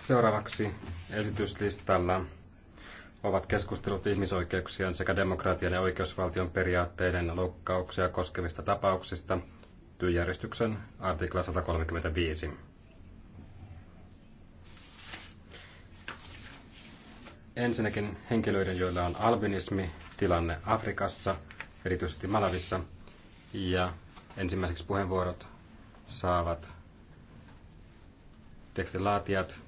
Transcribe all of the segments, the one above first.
Seuraavaksi esityslistalla ovat keskustelut ihmisoikeuksien sekä demokratian ja oikeusvaltion periaatteiden loukkauksia koskevista tapauksista työjärjestyksen artikla 135. Ensinnäkin henkilöiden, joilla on albinismi, tilanne Afrikassa, erityisesti Malavissa, ja ensimmäiseksi puheenvuorot saavat tekstilaatijat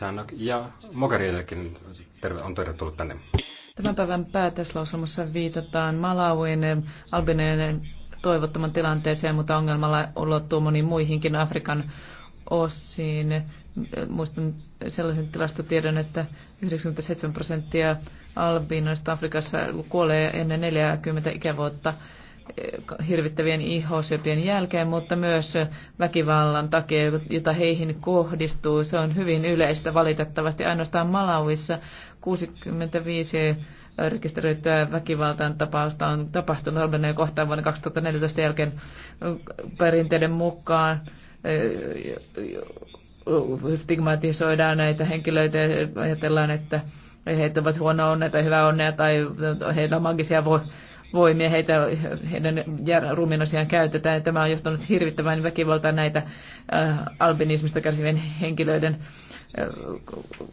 Tannock ja Mogherinillekin terve, on tervetullut tänne. Tämän päivän päätöslausumassa viitataan Malawin Albineen toivottoman tilanteeseen, mutta ongelmalla ulottuu moniin muihinkin Afrikan osiin. Muistan sellaisen tilastotiedon, että 97 prosenttia albinoista Afrikassa kuolee ennen 40 ikävuotta hirvittävien ihosyöpien jälkeen, mutta myös väkivallan takia, jota heihin kohdistuu. Se on hyvin yleistä valitettavasti. Ainoastaan Malawissa 65 rekisteröityä väkivaltaan tapausta on tapahtunut Albanian kohtaan vuonna 2014 jälkeen perinteiden mukaan eh, stigmatisoidaan näitä henkilöitä ja ajatellaan, että heitä ovat huono onnea tai hyvää onnea tai heillä on magisia voimia, heitä, heidän ruumiinosiaan käytetään. Tämä on johtanut hirvittävän väkivaltaan näitä äh, albinismista kärsivien henkilöiden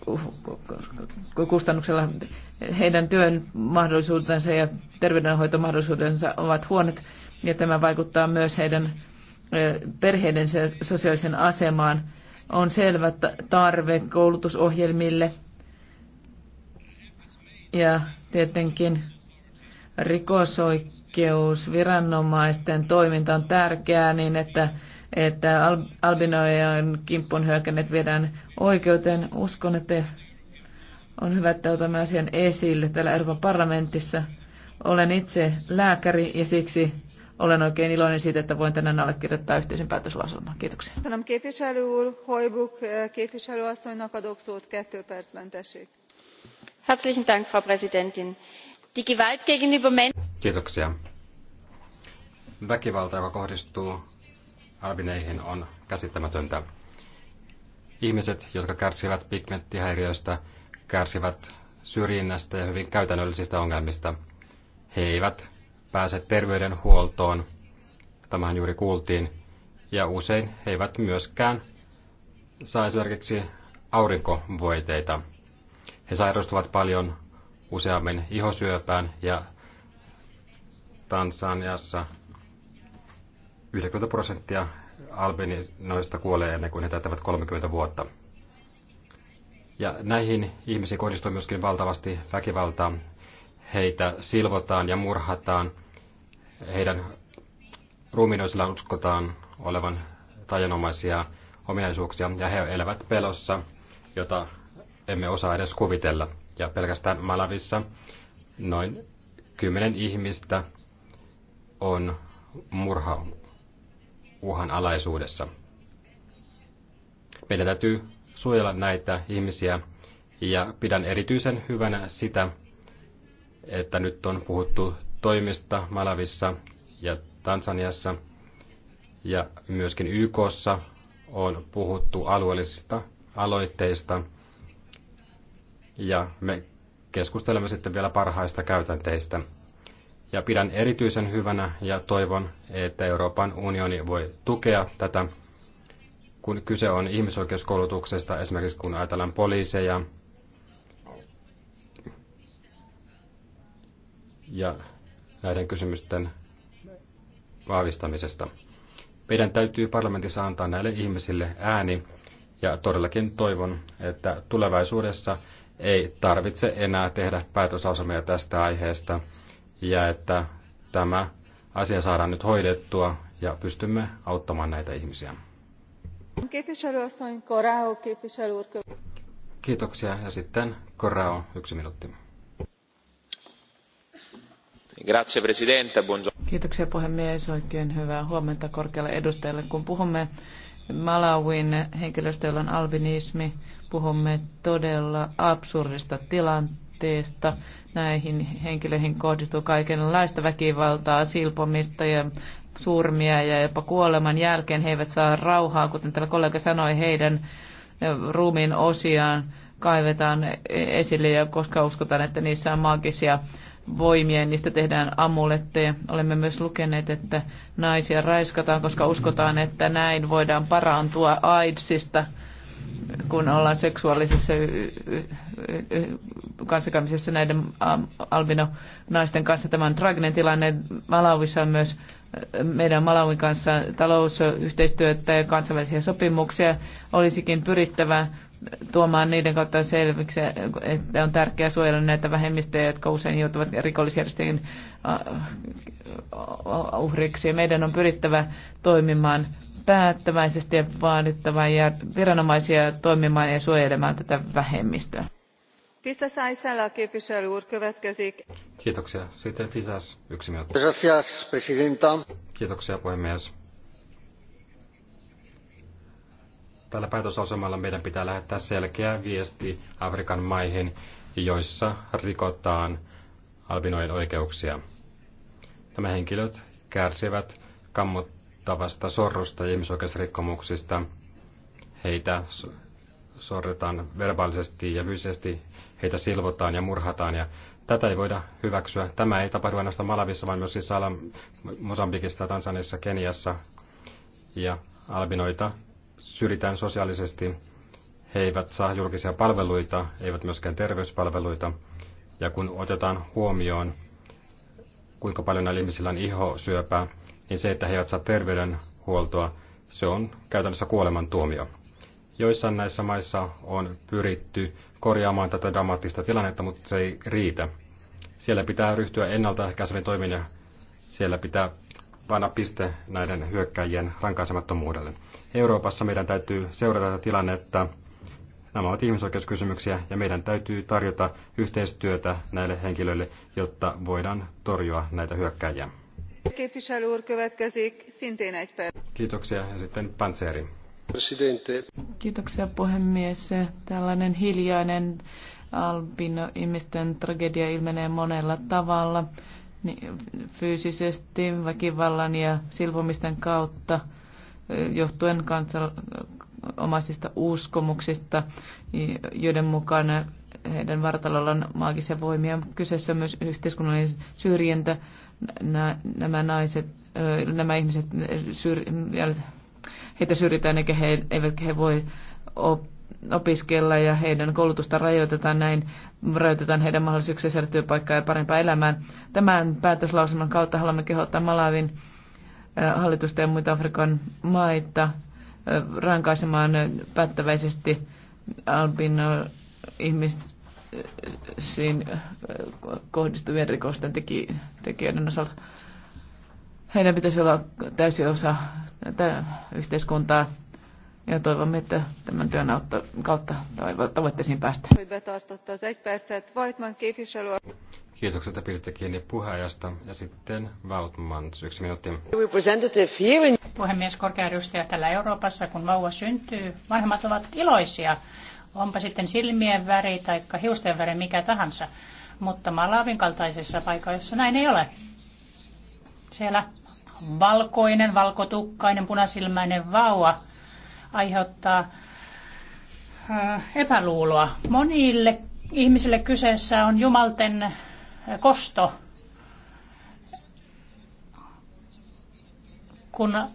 äh, kustannuksella. Heidän työn mahdollisuutensa ja terveydenhoitomahdollisuutensa ovat huonot, ja tämä vaikuttaa myös heidän äh, perheiden sosiaalisen asemaan. On selvä tarve koulutusohjelmille ja tietenkin rikosoikeusviranomaisten toiminta on tärkeää niin, että, että albinojen kimppun hyökänneet viedään oikeuteen. Uskon, että on hyvä, että otamme asian esille täällä Euroopan parlamentissa. Olen itse lääkäri ja siksi olen oikein iloinen siitä, että voin tänään allekirjoittaa yhteisen päätöslauselman. Kiitoksia. Eh, Herzlichen Dank, Frau Präsidentin. Die Gewalt gegenüber Kiitoksia. Väkivalta, joka kohdistuu albineihin, on käsittämätöntä. Ihmiset, jotka kärsivät pigmenttihäiriöistä, kärsivät syrjinnästä ja hyvin käytännöllisistä ongelmista. He eivät pääse terveydenhuoltoon, tämähän juuri kuultiin, ja usein he eivät myöskään saa esimerkiksi aurinkovoiteita. He sairastuvat paljon useammin ihosyöpään ja Tansaniassa 90 prosenttia albinoista kuolee ennen kuin he täyttävät 30 vuotta. Ja näihin ihmisiin kohdistuu myöskin valtavasti väkivaltaa. Heitä silvotaan ja murhataan. Heidän ruumiinoisilla uskotaan olevan tajanomaisia ominaisuuksia ja he elävät pelossa, jota emme osaa edes kuvitella. Ja pelkästään Malavissa noin kymmenen ihmistä on murha uhan alaisuudessa. Meidän täytyy suojella näitä ihmisiä ja pidän erityisen hyvänä sitä, että nyt on puhuttu toimista Malavissa ja Tansaniassa ja myöskin YKssa on puhuttu alueellisista aloitteista – ja me keskustelemme sitten vielä parhaista käytänteistä. Ja pidän erityisen hyvänä ja toivon, että Euroopan unioni voi tukea tätä, kun kyse on ihmisoikeuskoulutuksesta, esimerkiksi kun ajatellaan poliiseja ja näiden kysymysten vahvistamisesta. Meidän täytyy parlamentissa antaa näille ihmisille ääni ja todellakin toivon, että tulevaisuudessa – ei tarvitse enää tehdä päätösasemia tästä aiheesta ja että tämä asia saadaan nyt hoidettua ja pystymme auttamaan näitä ihmisiä. Kiitoksia ja sitten Corrao, yksi minuutti. Grazie Presidente, buongiorno. Kiitoksia puhemies, oikein hyvää huomenta korkealle edustajalle. Kun puhumme Malawin henkilöstö, jolla on albinismi. Puhumme todella absurdista tilanteesta. Näihin henkilöihin kohdistuu kaikenlaista väkivaltaa, silpomista ja surmia ja jopa kuoleman jälkeen he eivät saa rauhaa, kuten täällä kollega sanoi, heidän ruumiin osiaan kaivetaan e-, esille ja koska uskotaan, että niissä on maagisia voimia ja niistä tehdään amuletteja. Olemme myös lukeneet, että naisia raiskataan, koska uskotaan, että näin voidaan parantua AIDSista, kun ollaan seksuaalisessa kanssakäymisessä näiden albino-naisten kanssa. Tämä on traaginen tilanne. Malawissa on myös meidän Malawin kanssa talousyhteistyötä ja kansainvälisiä sopimuksia. Olisikin pyrittävä tuomaan niiden kautta selviksi, että on tärkeää suojella näitä vähemmistöjä, jotka usein joutuvat rikollisjärjestöjen uhriksi. Meidän on pyrittävä toimimaan päättäväisesti ja vaadittava ja viranomaisia toimimaan ja suojelemaan tätä vähemmistöä. Pisas Aisala, Kiitoksia. Sitten Fisas, yksi minuutti. Gracias, presidenta. Kiitoksia, puhemies. Tällä päätösasemalla meidän pitää lähettää selkeä viesti Afrikan maihin, joissa rikotaan albinojen oikeuksia. Nämä henkilöt kärsivät kammottavasta sorrosta ja ihmisoikeusrikkomuksista. Heitä sorretaan verbaalisesti ja fyysisesti, heitä silvotaan ja murhataan ja tätä ei voida hyväksyä. Tämä ei tapahdu ainoastaan Malavissa, vaan myös siis Mosambikissa, Tansaniassa, Keniassa ja albinoita syrjitään sosiaalisesti, he eivät saa julkisia palveluita, eivät myöskään terveyspalveluita. Ja kun otetaan huomioon, kuinka paljon näillä ihmisillä on ihosyöpää, niin se, että he eivät saa terveydenhuoltoa, se on käytännössä kuolemantuomio. Joissain näissä maissa on pyritty korjaamaan tätä dramaattista tilannetta, mutta se ei riitä. Siellä pitää ryhtyä ennaltaehkäiseviin toimiin ja siellä pitää panna piste näiden hyökkäjien rankaisemattomuudelle. Euroopassa meidän täytyy seurata tätä tilannetta. Nämä ovat ihmisoikeuskysymyksiä ja meidän täytyy tarjota yhteistyötä näille henkilöille, jotta voidaan torjua näitä hyökkäjiä. Kiitoksia ja sitten Panseri. Kiitoksia puhemies. Tällainen hiljainen albino ihmisten tragedia ilmenee monella tavalla. Niin, fyysisesti väkivallan ja silpomisten kautta johtuen kansanomaisista uskomuksista, joiden mukaan heidän vartalollaan maagisia voimia. Kyseessä on myös yhteiskunnallinen syrjintä. Nämä naiset, nämä ihmiset, heitä syrjitään eikä he, eivätkä he voi oppia opiskella ja heidän koulutusta rajoitetaan näin, rajoitetaan heidän mahdollisuuksia saada työpaikkaa ja parempaa elämää. Tämän päätöslauselman kautta haluamme kehottaa Malavin hallitusta ja muita Afrikan maita rankaisemaan päättäväisesti albino ihmisiin kohdistuvien rikosten tekijöiden osalta. Heidän pitäisi olla täysi osa yhteiskuntaa ja toivomme, että tämän työn kautta tavoitteisiin päästään. Kiitokset, että piditte kiinni puheenjohtajasta. Ja sitten Vautman, yksi minuutti. Puhemies, korkea edustaja täällä Euroopassa, kun vauva syntyy, vanhemmat ovat iloisia. Onpa sitten silmien väri tai hiusten väri mikä tahansa. Mutta Malavin kaltaisissa paikoissa näin ei ole. Siellä valkoinen, valkotukkainen, punasilmäinen vauva aiheuttaa äh, epäluuloa. Monille ihmisille kyseessä on jumalten äh, kosto, kun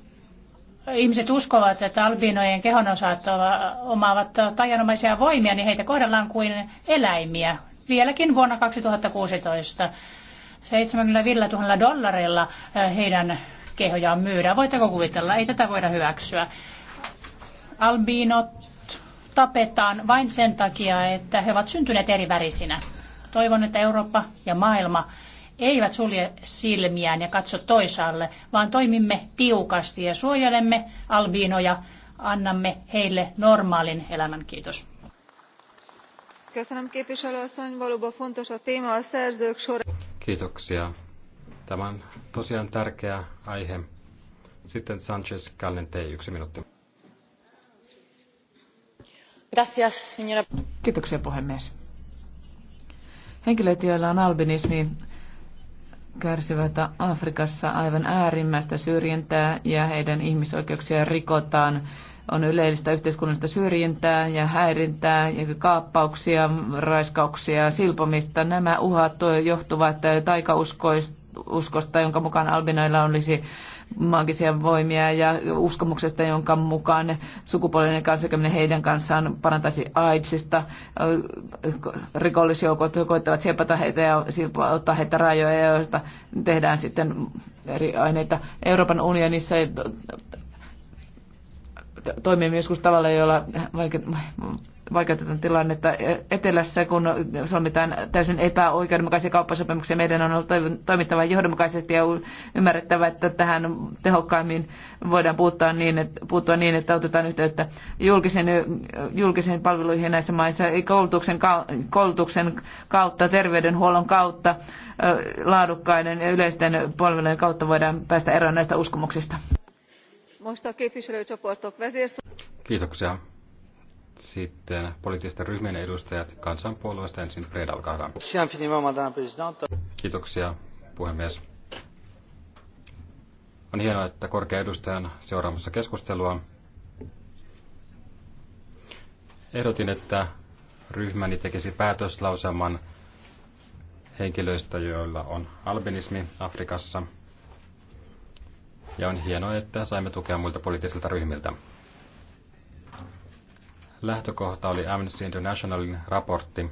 ihmiset uskovat, että albinojen osat omaavat tajanomaisia voimia, niin heitä kohdellaan kuin eläimiä. Vieläkin vuonna 2016 75 000 dollarilla äh, heidän kehojaan myydään. Voitteko kuvitella? Ei tätä voida hyväksyä albiinot tapetaan vain sen takia, että he ovat syntyneet eri värisinä. Toivon, että Eurooppa ja maailma eivät sulje silmiään ja katso toisaalle, vaan toimimme tiukasti ja suojelemme albiinoja, annamme heille normaalin elämän. Kiitos. Kiitoksia. Tämä on tosiaan tärkeä aihe. Sitten Sanchez Callente, yksi minuutti arvoisa puhemies. Henkilöt, joilla on albinismi, kärsivät Afrikassa aivan äärimmäistä syrjintää ja heidän ihmisoikeuksiaan rikotaan. On yleistä yhteiskunnallista syrjintää ja häirintää ja kaappauksia, raiskauksia, silpomista. Nämä uhat johtuvat taikauskoista uskosta, jonka mukaan albinoilla olisi maagisia voimia ja uskomuksesta, jonka mukaan sukupuolinen kanssakäyminen heidän kanssaan parantaisi AIDSista. Rikollisjoukot koittavat siepata heitä ja ottaa heitä rajoja, joista tehdään sitten eri aineita. Euroopan unionissa toimimme joskus tavalla, jolla vaikeutetaan tilannetta etelässä, kun solmitaan täysin epäoikeudenmukaisia kauppasopimuksia. Meidän on toimittava johdonmukaisesti ja ymmärrettävä, että tähän tehokkaimmin voidaan puuttua niin, että, puuttua niin, että otetaan yhteyttä julkisen, julkisen palveluihin näissä maissa, koulutuksen, koulutuksen kautta, terveydenhuollon kautta, laadukkaiden ja yleisten palvelujen kautta voidaan päästä eroon näistä uskomuksista. Most képviselőcsoportok Kiitoksia. Sitten poliittisten ryhmien edustajat kansanpuolueesta ensin Fred, olkaa hyvä. Kiitoksia, puhemies. On hienoa, että korkea edustajan seuraamassa keskustelua. Ehdotin, että ryhmäni tekisi päätöslauselman henkilöistä, joilla on albinismi Afrikassa – ja on hienoa, että saimme tukea muilta poliittisilta ryhmiltä. Lähtökohta oli Amnesty Internationalin raportti,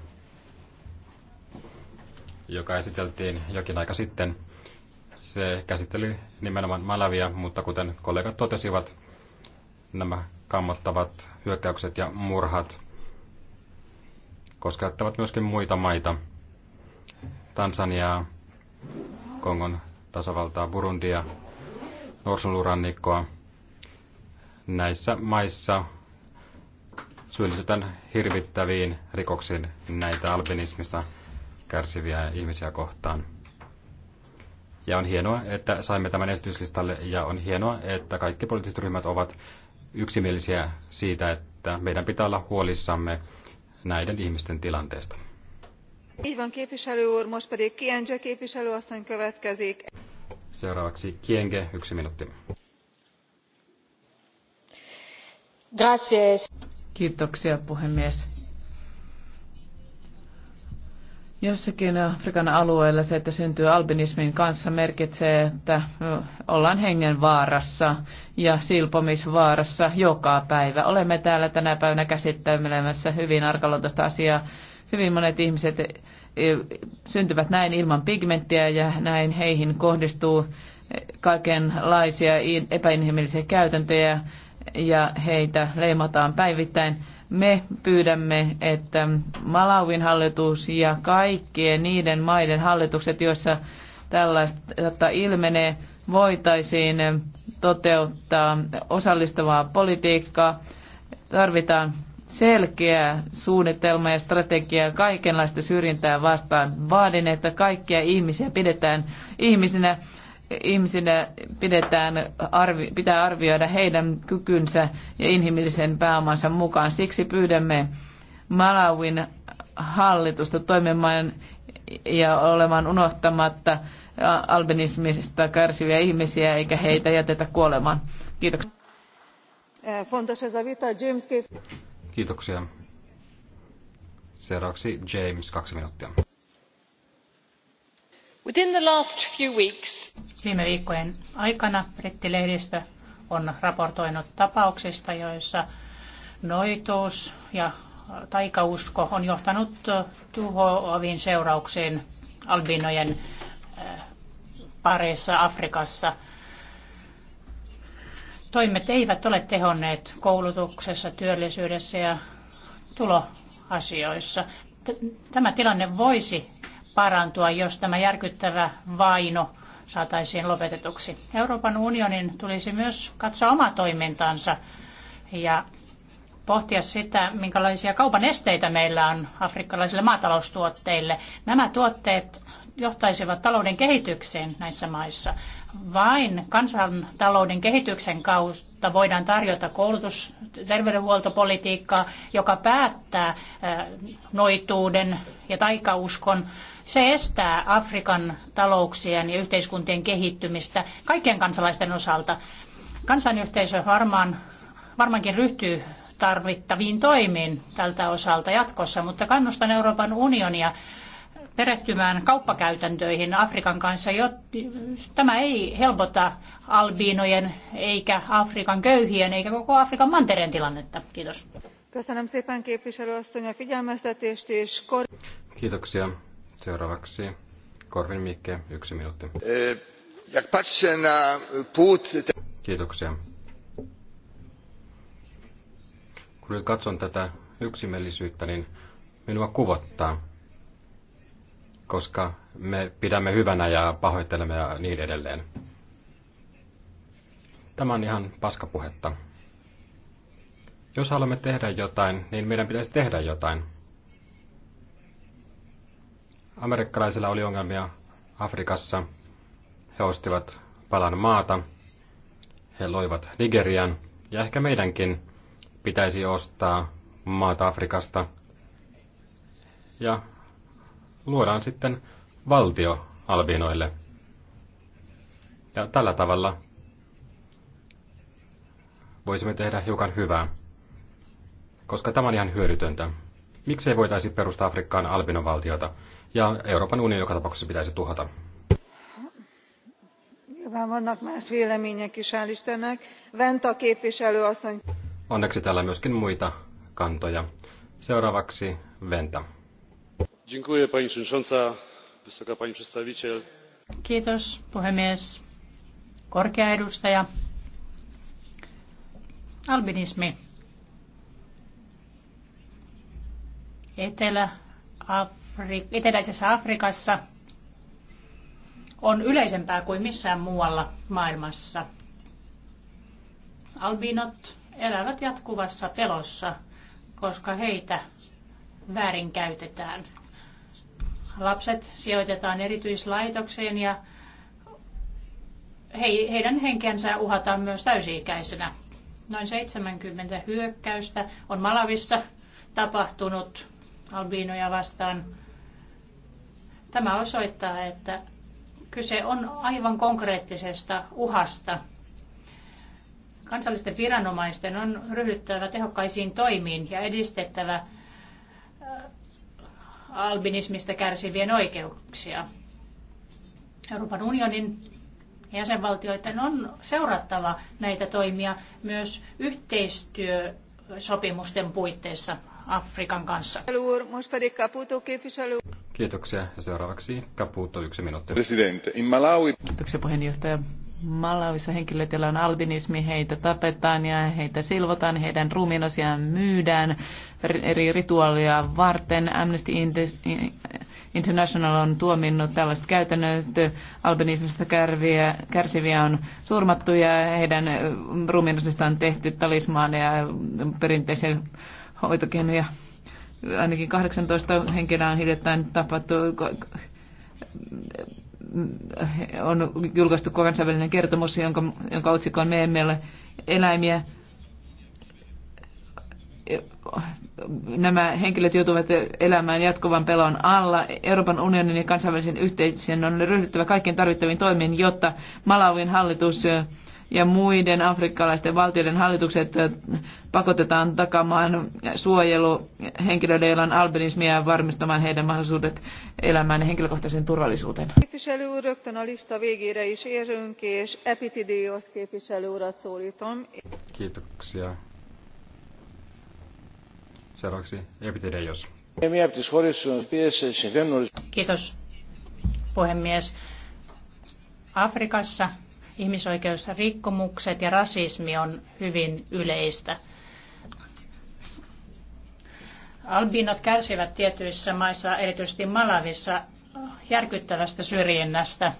joka esiteltiin jokin aika sitten. Se käsitteli nimenomaan Malavia, mutta kuten kollegat totesivat, nämä kammottavat hyökkäykset ja murhat koskettavat myöskin muita maita. Tansaniaa, Kongon tasavaltaa, Burundia, norsulurannikkoa. Näissä maissa syyllistytään hirvittäviin rikoksiin näitä albinismista kärsiviä ihmisiä kohtaan. Ja on hienoa, että saimme tämän esityslistalle ja on hienoa, että kaikki poliittiset ryhmät ovat yksimielisiä siitä, että meidän pitää olla huolissamme näiden ihmisten tilanteesta. Így képviselő úr, most pedig Kienge következik. Seuraavaksi Kienge, yksi minuutti. Gracias. Kiitoksia puhemies. Jossakin Afrikan alueella se, että syntyy albinismin kanssa, merkitsee, että ollaan hengenvaarassa ja silpomisvaarassa joka päivä. Olemme täällä tänä päivänä käsittelemässä hyvin arkaluontoista asiaa. Hyvin monet ihmiset syntyvät näin ilman pigmenttiä ja näin heihin kohdistuu kaikenlaisia epäinhimillisiä käytäntöjä ja heitä leimataan päivittäin. Me pyydämme, että Malawin hallitus ja kaikkien niiden maiden hallitukset, joissa tällaista ilmenee, voitaisiin toteuttaa osallistavaa politiikkaa. Tarvitaan selkeä suunnitelma ja strategia kaikenlaista syrjintää vastaan. Vaadin, että kaikkia ihmisiä pidetään ihmisinä, ihmisinä pidetään, arvi, pitää arvioida heidän kykynsä ja inhimillisen pääomansa mukaan. Siksi pyydämme Malawin hallitusta toimimaan ja olemaan unohtamatta albinismista kärsiviä ihmisiä eikä heitä jätetä kuolemaan. Kiitoksia Kiitoksia. Seuraavaksi James, kaksi minuuttia. Within the last few weeks. Viime viikkojen aikana brittilehdistö on raportoinut tapauksista, joissa noituus ja taikausko on johtanut tuhoaviin seurauksiin albinojen äh, parissa Afrikassa – toimet eivät ole tehonneet koulutuksessa, työllisyydessä ja tuloasioissa. Tämä tilanne voisi parantua, jos tämä järkyttävä vaino saataisiin lopetetuksi. Euroopan unionin tulisi myös katsoa omaa toimintaansa ja pohtia sitä, minkälaisia kaupan esteitä meillä on afrikkalaisille maataloustuotteille. Nämä tuotteet johtaisivat talouden kehitykseen näissä maissa. Vain kansantalouden kehityksen kautta voidaan tarjota koulutus- terveydenhuoltopolitiikkaa, joka päättää äh, noituuden ja taikauskon. Se estää Afrikan talouksien ja yhteiskuntien kehittymistä kaikkien kansalaisten osalta. Kansanyhteisö varmaan, varmaankin ryhtyy tarvittaviin toimiin tältä osalta jatkossa, mutta kannustan Euroopan unionia perehtymään kauppakäytäntöihin Afrikan kanssa. Tämä ei helpota albiinojen eikä Afrikan köyhien eikä koko Afrikan mantereen tilannetta. Kiitos. Kiitoksia. Seuraavaksi Korvin Mikke, yksi minuutti. Eh, Kiitoksia. Kun nyt katson tätä yksimielisyyttä, niin minua kuvottaa koska me pidämme hyvänä ja pahoittelemme ja niin edelleen. Tämä on ihan paskapuhetta. Jos haluamme tehdä jotain, niin meidän pitäisi tehdä jotain. Amerikkalaisilla oli ongelmia Afrikassa. He ostivat palan maata. He loivat Nigerian. Ja ehkä meidänkin pitäisi ostaa maata Afrikasta ja luodaan sitten valtio albinoille. Ja tällä tavalla voisimme tehdä hiukan hyvää, koska tämä on ihan hyödytöntä. Miksei voitaisi perustaa Afrikkaan albinovaltiota ja Euroopan unioni joka tapauksessa pitäisi tuhota? Venta Onneksi täällä myöskin muita kantoja. Seuraavaksi Venta pani przewodnicząca! wysoka pani przedstawiciel! kiitos albinismi eteläisessä afrikassa on yleisempää kuin missään muualla maailmassa. Albinot elävät jatkuvassa pelossa, koska heitä väärinkäytetään – Lapset sijoitetaan erityislaitokseen ja he, heidän henkensä uhataan myös täysi-ikäisenä. Noin 70 hyökkäystä on Malavissa tapahtunut albiinoja vastaan. Tämä osoittaa, että kyse on aivan konkreettisesta uhasta. Kansallisten viranomaisten on ryhdyttävä tehokkaisiin toimiin ja edistettävä albinismista kärsivien oikeuksia. Euroopan unionin jäsenvaltioiden on seurattava näitä toimia myös yhteistyösopimusten puitteissa Afrikan kanssa. Kiitoksia. Ja seuraavaksi Caputo yksi minuutti. Presidente, in Malawi... Kiitoksia puheenjohtaja. Malawissa henkilöt, joilla on albinismi, heitä tapetaan ja heitä silvotaan, heidän ruumiinosiaan myydään eri rituaalia varten. Amnesty International on tuominnut tällaiset käytännöt. Albinismista kärviä, kärsiviä on surmattu ja heidän ruumiinosista on tehty talismaaneja ja perinteisiä hoitokenuja. Ainakin 18 henkilöä on hiljattain tapahtunut on julkaistu kansainvälinen kertomus, jonka, jonka otsikko on Me emme ole eläimiä. Nämä henkilöt joutuvat elämään jatkuvan pelon alla. Euroopan unionin ja kansainvälisen yhteisön on ryhdyttävä kaikkien tarvittaviin toimiin, jotta Malawin hallitus ja muiden afrikkalaisten valtioiden hallitukset äh, pakotetaan takamaan suojelu henkilöille, joilla on albinismia ja varmistamaan heidän mahdollisuudet elämään ja henkilökohtaisen turvallisuuteen. Képviselő úr, rögtön a lista végére is érünk, és Epitidios képviselő urat szólítom. Kiitoksia. Seuraavaksi Epitidios. Kiitos, puhemies. Afrikassa ihmisoikeusrikkomukset ja rasismi on hyvin yleistä. Albinot kärsivät tietyissä maissa, erityisesti Malavissa, järkyttävästä syrjinnästä.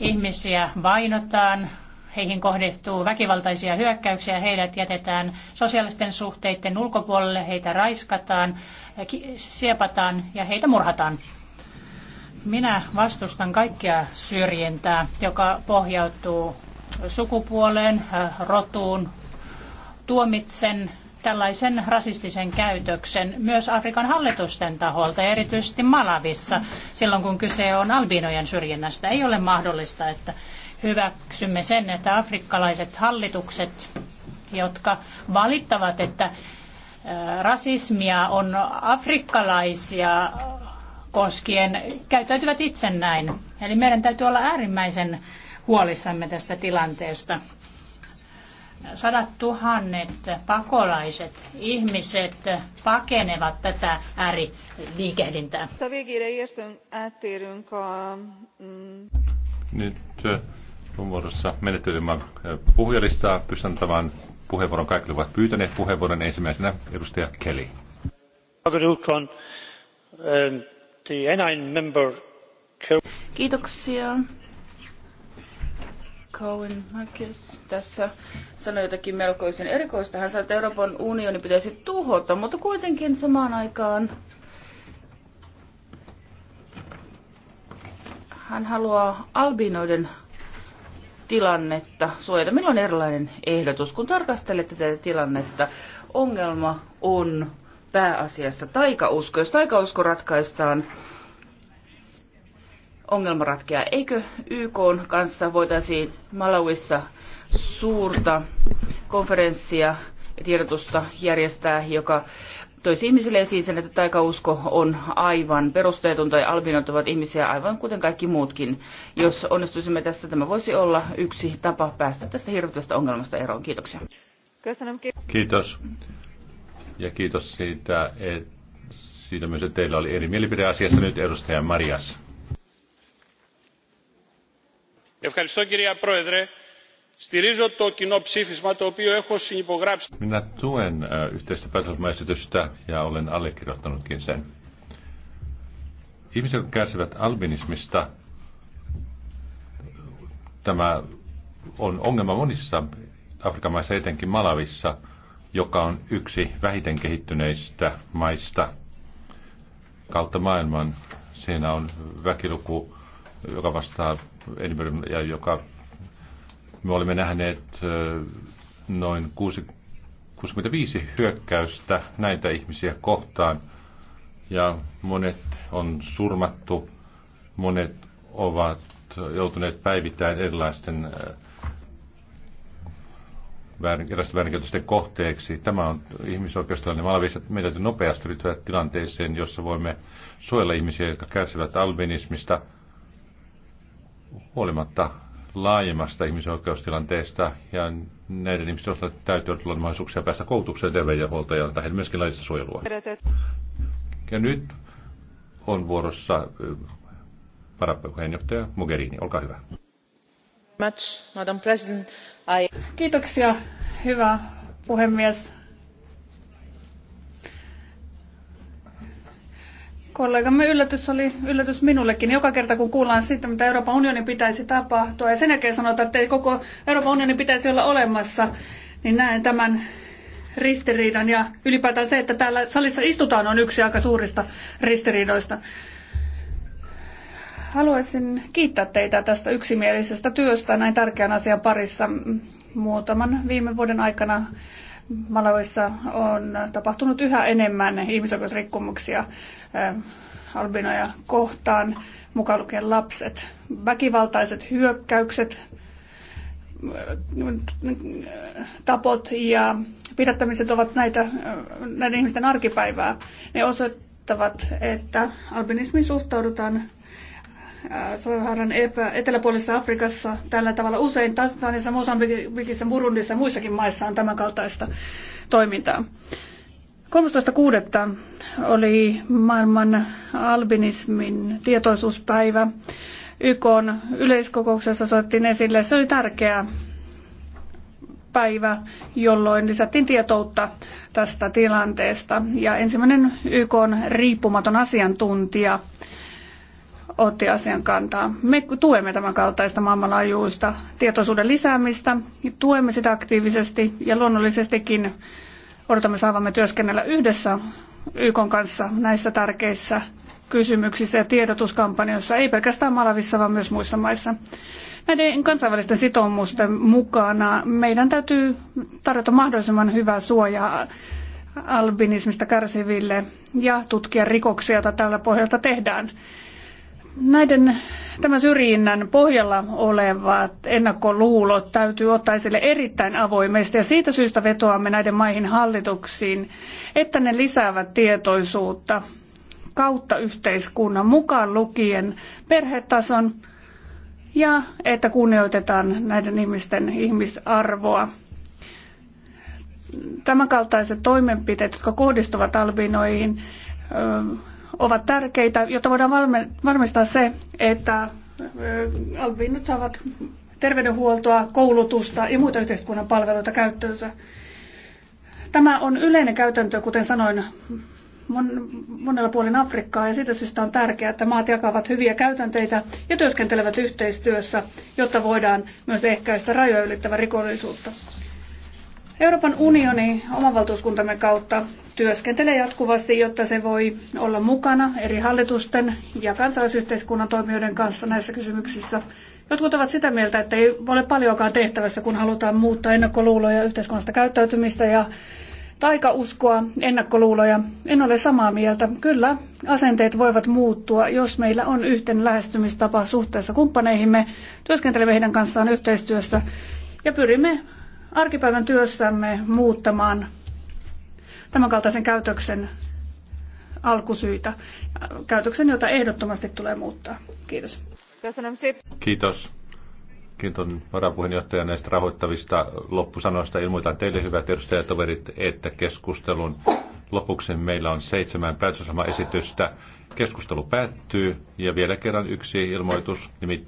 Ihmisiä vainotaan, heihin kohdistuu väkivaltaisia hyökkäyksiä, heidät jätetään sosiaalisten suhteiden ulkopuolelle, heitä raiskataan, siepataan ja heitä murhataan. Minä vastustan kaikkea syrjintää, joka pohjautuu sukupuoleen, äh, rotuun. Tuomitsen tällaisen rasistisen käytöksen myös Afrikan hallitusten taholta, erityisesti Malavissa, silloin kun kyse on albinojen syrjinnästä. Ei ole mahdollista, että hyväksymme sen, että afrikkalaiset hallitukset, jotka valittavat, että äh, rasismia on afrikkalaisia koskien käyttäytyvät itse näin. Eli meidän täytyy olla äärimmäisen huolissamme tästä tilanteesta. Sadat tuhannet pakolaiset ihmiset pakenevat tätä ääriliikehdintää. Nyt äh, on muodossa menetelmän äh, puhujalistaa. Pystyn tämän puheenvuoron kaikille ovat pyytäneet puheenvuoron ensimmäisenä edustaja Kelly. Kiitoksia. Cohen Mäkis tässä sanoi jotakin melkoisen erikoista. Hän sanoi, että Euroopan unioni pitäisi tuhota, mutta kuitenkin samaan aikaan hän haluaa albinoiden tilannetta suojata. Milloin erilainen ehdotus, kun tarkastelette tätä tilannetta? Ongelma on pääasiassa taikausko. Jos taikausko ratkaistaan, ongelma ratkeaa. Eikö YK kanssa voitaisiin Malawissa suurta konferenssia ja tiedotusta järjestää, joka toisi ihmisille esiin sen, että taikausko on aivan perusteetun tai albinot ovat ihmisiä aivan kuten kaikki muutkin. Jos onnistuisimme tässä, tämä voisi olla yksi tapa päästä tästä hirvittävästä ongelmasta eroon. Kiitoksia. Kiitos ja kiitos siitä, että siitä myös, että teillä oli eri mielipide asiassa nyt edustaja Marias. Minä tuen yhteistä päätösmaesitystä ja olen allekirjoittanutkin sen. Ihmiset, jotka kärsivät albinismista, tämä on ongelma monissa Afrikan maissa, etenkin Malavissa joka on yksi vähiten kehittyneistä maista kautta maailman. Siinä on väkiluku, joka vastaa enemmän ja joka me olemme nähneet noin 6, 65 hyökkäystä näitä ihmisiä kohtaan ja monet on surmattu, monet ovat joutuneet päivittäin erilaisten väärinkäytösten väärin kohteeksi. Tämä on ihmisoikeustilanne maailmassa, että meidän täytyy nopeasti ryhtyä tilanteeseen, jossa voimme suojella ihmisiä, jotka kärsivät albinismista huolimatta laajemmasta ihmisoikeustilanteesta ja näiden ihmisten osalta täytyy olla mahdollisuuksia päästä koulutukseen terveydenhuoltoon ja antaa myöskin laillista suojelua. Ja nyt on vuorossa äh, varapuheenjohtaja Mogherini, olkaa hyvä arvoisa puhemies Kiitoksia, hyvä puhemies. kollegamme yllätys oli yllätys minullekin. Joka kerta kun kuullaan siitä, mitä Euroopan unionin pitäisi tapahtua ja sen jälkeen sanotaan, että ei koko Euroopan unionin pitäisi olla olemassa, niin näen tämän ristiriidan ja ylipäätään se, että täällä salissa istutaan on yksi aika suurista ristiriidoista. Haluaisin kiittää teitä tästä yksimielisestä työstä näin tärkeän asian parissa. Muutaman viime vuoden aikana Malawissa on tapahtunut yhä enemmän ihmisoikeusrikkomuksia eh, albinoja kohtaan, mukaan lukien lapset. Väkivaltaiset hyökkäykset, eh, tapot ja pidättämiset ovat näitä, eh, näiden ihmisten arkipäivää. Ne osoittavat, että albinismiin suhtaudutaan Saharan eteläpuolisessa Afrikassa tällä tavalla usein Tansaniassa, Mosambikissa, Burundissa ja muissakin maissa on tämän kaltaista toimintaa. 13.6. oli maailman albinismin tietoisuuspäivä. YK yleiskokouksessa soitettiin esille. Se oli tärkeä päivä, jolloin lisättiin tietoutta tästä tilanteesta. Ja ensimmäinen YK riippumaton asiantuntija otti asian kantaa. Me tuemme tämän kaltaista maailmanlaajuista tietoisuuden lisäämistä, tuemme sitä aktiivisesti ja luonnollisestikin odotamme saavamme työskennellä yhdessä YK kanssa näissä tärkeissä kysymyksissä ja tiedotuskampanjoissa, ei pelkästään Malavissa, vaan myös muissa maissa. Näiden kansainvälisten sitoumusten mukana meidän täytyy tarjota mahdollisimman hyvää suojaa albinismista kärsiville ja tutkia rikoksia, joita tällä pohjalta tehdään. Näiden tämän syrjinnän pohjalla olevat ennakkoluulot täytyy ottaa esille erittäin avoimesti ja siitä syystä vetoamme näiden maihin hallituksiin, että ne lisäävät tietoisuutta kautta yhteiskunnan mukaan lukien perhetason ja että kunnioitetaan näiden ihmisten ihmisarvoa. Tämänkaltaiset toimenpiteet, jotka kohdistuvat albinoihin, ovat tärkeitä, jotta voidaan varmistaa se, että albiinit saavat terveydenhuoltoa, koulutusta ja muita yhteiskunnan palveluita käyttöönsä. Tämä on yleinen käytäntö, kuten sanoin, monella puolin Afrikkaa ja siitä syystä on tärkeää, että maat jakavat hyviä käytänteitä ja työskentelevät yhteistyössä, jotta voidaan myös ehkäistä rajoja ylittävää rikollisuutta. Euroopan unioni omavaltuuskuntamme kautta työskentelee jatkuvasti, jotta se voi olla mukana eri hallitusten ja kansalaisyhteiskunnan toimijoiden kanssa näissä kysymyksissä. Jotkut ovat sitä mieltä, että ei ole paljonkaan tehtävässä, kun halutaan muuttaa ennakkoluuloja yhteiskunnasta käyttäytymistä ja taikauskoa, ennakkoluuloja. En ole samaa mieltä. Kyllä, asenteet voivat muuttua, jos meillä on yhten lähestymistapa suhteessa kumppaneihimme, työskentelemme heidän kanssaan yhteistyössä ja pyrimme arkipäivän työssämme muuttamaan tämänkaltaisen käytöksen alkusyitä. Käytöksen, jota ehdottomasti tulee muuttaa. Kiitos. Kiitos. Kiitos varapuheenjohtaja näistä rahoittavista loppusanoista. Ilmoitan teille, hyvät edustajatoverit, että keskustelun lopuksi meillä on seitsemän päätösosama-esitystä. Keskustelu päättyy ja vielä kerran yksi ilmoitus, nimittäin